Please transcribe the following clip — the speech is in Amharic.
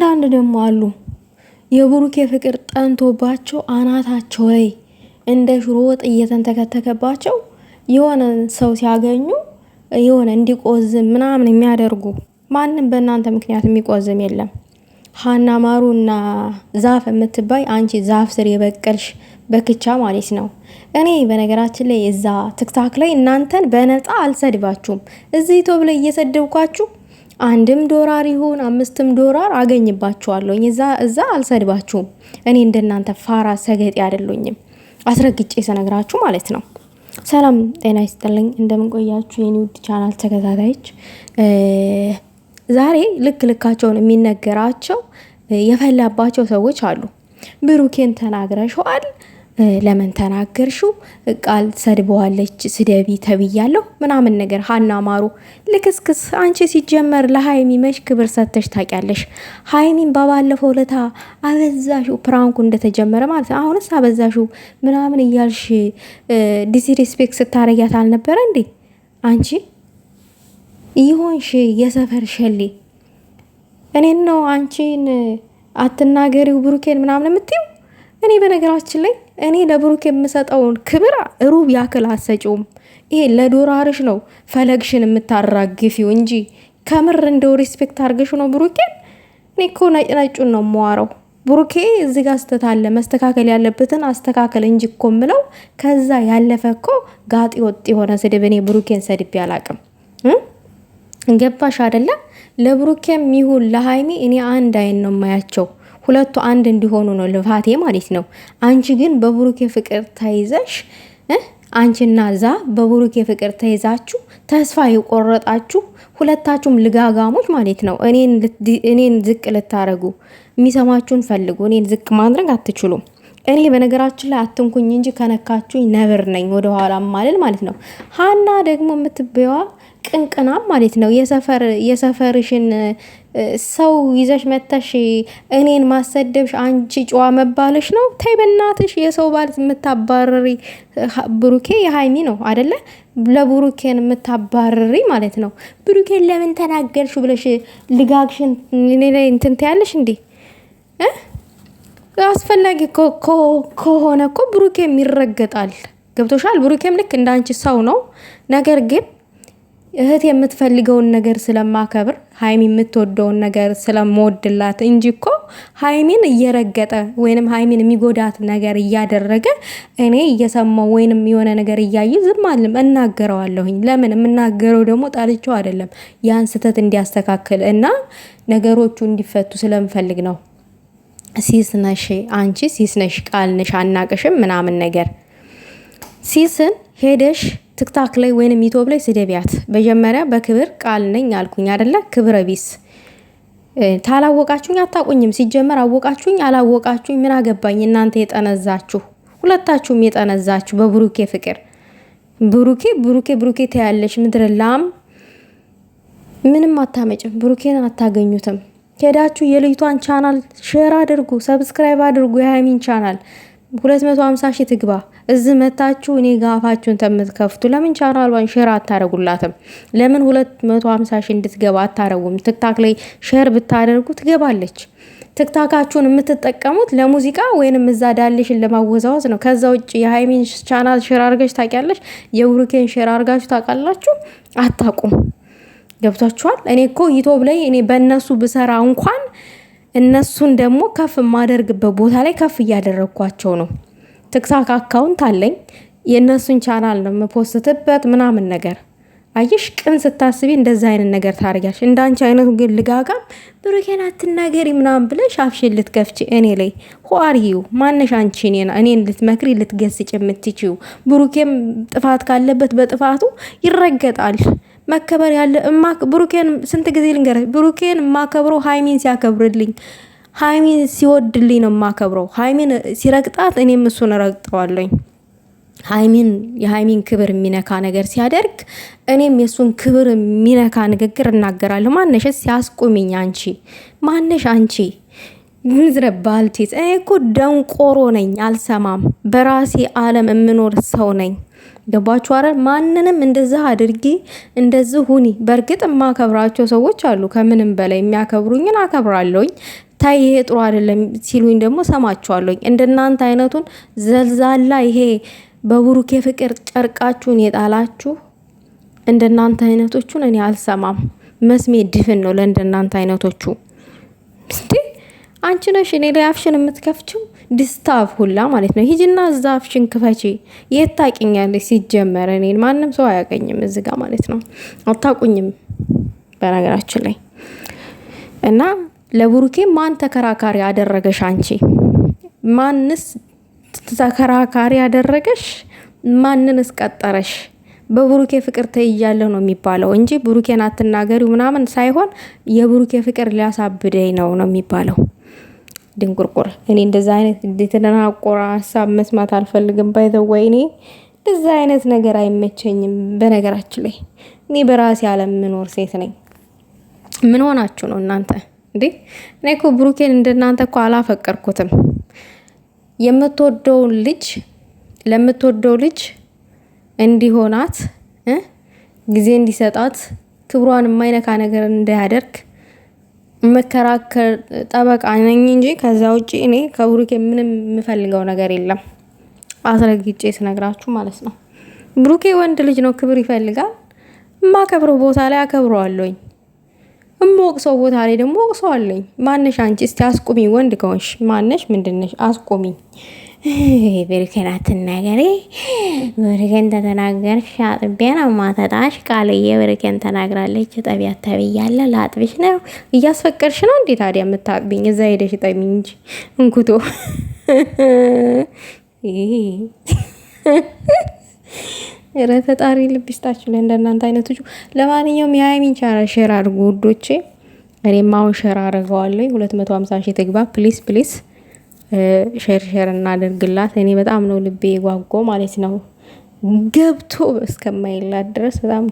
አንዳንድ ደግሞ አሉ የብሩክ የፍቅር ጠንቶባቸው አናታቸው ላይ እንደ ሽሮ ወጥ እየተንተከተከባቸው የሆነ ሰው ሲያገኙ የሆነ እንዲቆዝም ምናምን የሚያደርጉ ማንም በእናንተ ምክንያት የሚቆዝም የለም። ሀና ማሩና ዛፍ የምትባይ አንቺ ዛፍ ስር የበቀልሽ በክቻ ማለት ነው። እኔ በነገራችን ላይ እዛ ትክታክ ላይ እናንተን በነፃ አልሰድባችሁም። እዚህ ቶብ ላይ እየሰደብኳችሁ አንድም ዶራር ይሁን አምስትም ዶራር አገኝባችኋለሁ። እዛ እዛ አልሰድባችሁም። እኔ እንደናንተ ፋራ ሰገጤ አይደሉኝም። አስረግጬ ስነግራችሁ ማለት ነው። ሰላም ጤና ይስጥልኝ። እንደምንቆያችሁ የኔ ውድ ቻናል ተከታታዮች፣ ዛሬ ልክ ልካቸውን የሚነገራቸው የፈላባቸው ሰዎች አሉ። ብሩኬን ተናግረሸዋል ለምን ተናገርሽው? ቃል ሰድበዋለች ስደቢ ተብያለሁ ምናምን ነገር ሀና ማሩ ልክስክስ። አንቺ ሲጀመር ለሀይሚ መች ክብር ሰተሽ ታውቂያለሽ? ሀይሚን በባለፈው ለታ አበዛሹ፣ ፕራንኩ እንደተጀመረ ማለት ነው። አሁንስ አበዛሹ ምናምን እያልሽ ዲስሪስፔክት ስታረጊያት አልነበረ እንዴ? አንቺ ይሆንሽ የሰፈር ሸሌ እኔን ነው አንቺን አትናገሪው ብሩኬን ምናምን የምትይው እኔ በነገራችን ላይ እኔ ለብሩክ የምሰጠውን ክብር ሩብ ያክል አሰጪውም። ይሄ ለዶራርሽ ነው ፈለግሽን የምታራግፊው እንጂ ከምር እንደው ሪስፔክት አርገሽ ነው ብሩኬን። እኔ እኮ ነጭነጩን ነው የማዋረው። ብሩኬ እዚህ ጋር መስተካከል ያለበትን አስተካከል እንጂ እኮ ምለው ከዛ ያለፈ እኮ ጋጢ ወጥ የሆነ ስድብ እኔ ብሩኬን ሰድቤ አላቅም። ገባሽ አይደለም? ለብሩኬም ይሁን ለሀይሚ እኔ አንድ አይን ነው የማያቸው። ሁለቱ አንድ እንዲሆኑ ነው ልፋቴ ማለት ነው። አንቺ ግን በብሩኬ ፍቅር ተይዘሽ አንቺና ዛ በብሩኬ ፍቅር ተይዛችሁ ተስፋ የቆረጣችሁ ሁለታችሁም ልጋጋሞች ማለት ነው። እኔን ዝቅ ልታረጉ የሚሰማችሁን ፈልጉ። እኔን ዝቅ ማድረግ አትችሉም። እኔ በነገራችን ላይ አትንኩኝ እንጂ ከነካችሁኝ ነብር ነኝ፣ ወደኋላ ማልል ማለት ነው። ሀና ደግሞ የምትበዋ ቅንቅናም ማለት ነው። የሰፈርሽን ሰው ይዘሽ መተሽ እኔን ማሰደብሽ አንቺ ጨዋ መባለሽ ነው። ተይ በናትሽ፣ የሰው ባል የምታባረሪ ብሩኬ የሀይሚ ነው አደለ? ለብሩኬን የምታባረሪ ማለት ነው። ብሩኬን ለምን ተናገርሽ ብለሽ ልጋግሽን እንትን ትያለሽ እንዴ? አስፈላጊ ከሆነ እኮ ብሩኬም ይረገጣል። ገብቶሻል? ብሩኬም ልክ እንዳንቺ ሰው ነው። ነገር ግን እህት የምትፈልገውን ነገር ስለማከብር ሀይሚ የምትወደውን ነገር ስለምወድላት እንጂ እኮ ሀይሚን እየረገጠ ወይንም ሀይሚን የሚጎዳት ነገር እያደረገ እኔ እየሰማው ወይንም የሆነ ነገር እያየ ዝም አልም እናገረዋለሁኝ። ለምን የምናገረው ደግሞ ጣልቸው አይደለም፣ ያን ስህተት እንዲያስተካክል እና ነገሮቹ እንዲፈቱ ስለምፈልግ ነው። ሲስነሽ አንቺ ሲስነሽ ቃልንሽ አናቅሽም ምናምን ነገር ሲስን ሄደሽ ትክታክ ላይ ወይንም ዩቱብ ላይ ስደቢያት። መጀመሪያ በክብር ቃል ነኝ አልኩኝ አደለ? ክብረ ቢስ ታላወቃችሁኝ አታቁኝም። ሲጀመር አወቃችሁኝ አላወቃችሁኝ ምን አገባኝ? እናንተ የጠነዛችሁ ሁለታችሁም የጠነዛችሁ በብሩኬ ፍቅር ብሩኬ ብሩኬ ብሩኬ ተያለሽ ምድር ላም ምንም አታመጭም። ብሩኬን አታገኙትም። ሄዳችሁ የልጅቷን ቻናል ሼር አድርጉ፣ ሰብስክራይብ አድርጉ የሃይሚን ቻናል 250 ሺህ ትግባ። እዚህ መታችሁ እኔ ጋፋችሁን ተምትከፍቱ ለምን ቻናሏን ሼር አታረጉላትም? ለምን 250 ሺህ እንድትገባ አታረጉም? ትክታክ ላይ ሼር ብታደርጉ ትገባለች። ትክታካችሁን የምትጠቀሙት ለሙዚቃ ወይንም እዛ ዳልሽን ለማወዛወዝ ነው። ከዛ ውጭ የሃይሚን ቻናል ሼር አርገች ታውቂያለሽ? የብሩኬን ሼር አድርጋችሁ ታውቃላችሁ? አታቁም። ገብቷችኋል? እኔ እኮ ዩቲዩብ ላይ እኔ በእነሱ ብሰራ እንኳን እነሱን ደግሞ ከፍ የማደርግበት ቦታ ላይ ከፍ እያደረግኳቸው ነው። ትክታክ አካውንት አለኝ። የእነሱን ቻናል ነው የምፖስትበት ምናምን ነገር አየሽ፣ ቅን ስታስቢ እንደዚ አይነት ነገር ታደርጊያለሽ። እንዳንቺ አይነቱ ግን ልጋጋም ብሩኬን አትናገሪ ምናምን ብለሽ አፍሽን ልትከፍች እኔ ላይ ሆአርዩ ማነሽ አንቺ እኔን ልትመክሪ ልትገስጭ የምትችው። ብሩኬም ጥፋት ካለበት በጥፋቱ ይረገጣል። መከበር ያለ ብሩኬን ስንት ጊዜ ልንገረ ብሩኬን የማከብረው ሀይሚን ሲያከብርልኝ ሀይሚን ሲወድልኝ ነው ማከብረው። ሀይሚን ሲረግጣት እኔም እሱን ረግጠዋለኝ። ሀይሚን የሀይሚን ክብር የሚነካ ነገር ሲያደርግ እኔም የእሱን ክብር የሚነካ ንግግር እናገራለሁ። ማነሽ ሲያስቁሚኝ አንቺ ማነሽ አንቺ ምዝረ ባልቴት እኔ እኮ ደንቆሮ ነኝ፣ አልሰማም። በራሴ አለም የምኖር ሰው ነኝ። ገባችሁ? አረ ማንንም እንደዚህ አድርጊ እንደዚህ ሁኒ። በእርግጥ የማከብራቸው ሰዎች አሉ። ከምንም በላይ የሚያከብሩኝን አከብራለሁኝ። ታይ ይሄ ጥሩ አይደለም ሲሉኝ ደግሞ ሰማችኋለሁኝ። እንደናንተ አይነቱን ዘልዛላ ይሄ በብሩኬ ፍቅር ጨርቃችሁን የጣላችሁ እንደናንተ አይነቶቹን እኔ አልሰማም። መስሜ ድፍን ነው ለእንደናንተ አይነቶቹ። አንቺ ነሽ እኔ ላይ አፍሽን የምትከፍችው ድስታፍ ሁላ ማለት ነው። ሂጅና እዛ አፍሽን ክፈቺ። የት ታውቂኛለሽ? ሲጀመር እኔን ማንም ሰው አያገኝም እዚ ጋር ማለት ነው። አታውቁኝም በነገራችን ላይ እና ለቡሩኬ ማን ተከራካሪ አደረገሽ? አንቺ ማንስ ተከራካሪ አደረገሽ? ማንንስ ቀጠረሽ? በብሩኬ ፍቅር ተይዣለሁ ነው የሚባለው እንጂ ብሩኬን አትናገሪው ምናምን ሳይሆን የብሩኬ ፍቅር ሊያሳብደኝ ነው ነው የሚባለው። ድንቁርቁር እኔ እንደዛ አይነት የተደናቆረ ሀሳብ መስማት አልፈልግም። ባይዘወይ እኔ እንደዛ አይነት ነገር አይመቸኝም። በነገራችን ላይ እኔ በራሴ ዓለም ምኖር ሴት ነኝ። ምን ሆናችሁ ነው እናንተ እንዴ? እኔ እኮ ብሩኬን እንደናንተ እኮ አላፈቀርኩትም። የምትወደውን ልጅ ለምትወደው ልጅ እንዲሆናት ጊዜ እንዲሰጣት ክብሯን የማይነካ ነገር እንዳያደርግ መከራከር ጠበቃ ነኝ እንጂ ከዛ ውጪ እኔ ከብሩኬ ምንም የምፈልገው ነገር የለም። አስረግጬ ስነግራችሁ ማለት ነው። ብሩኬ ወንድ ልጅ ነው፣ ክብር ይፈልጋል። የማከብረው ቦታ ላይ አከብረዋለኝ፣ እምወቅሰው ቦታ ላይ ደግሞ ወቅሰዋለኝ። ማነሽ አንቺ? እስቲ አስቁሚ፣ ወንድ ከሆንሽ ማነሽ? ምንድነሽ? አስቁሚ። ብሩኬናትን ነገሬ ብሩኬን ተተናገርሽ አጥቤ ነው ማተጣሽ ቃልዬ ብሩኬን ተናግራለች። ጠቢያት ተብያለ ላጥብሽ ነው እያስፈቀድሽ ነው እንዴ ታዲያ የምታጥብኝ? እዛ ሄደሽ ጠቢኝ እንጂ እንኩቶ ኧረ ፈጣሪ ልብ ይስጣችሁ ለእንደናንተ አይነቶቹ። ለማንኛውም የሀይሚን ቻናል ሼር አድርጉ ውዶቼ። እኔም አሁን ሼር አድርገዋለሁ። ሁለት መቶ ሀምሳ ሺህ ትግባ ፕሊስ ፕሊስ። ሼር እናደርግላት። እኔ በጣም ነው ልቤ ጓጎ ማለት ነው ገብቶ እስከማይላት ድረስ በጣም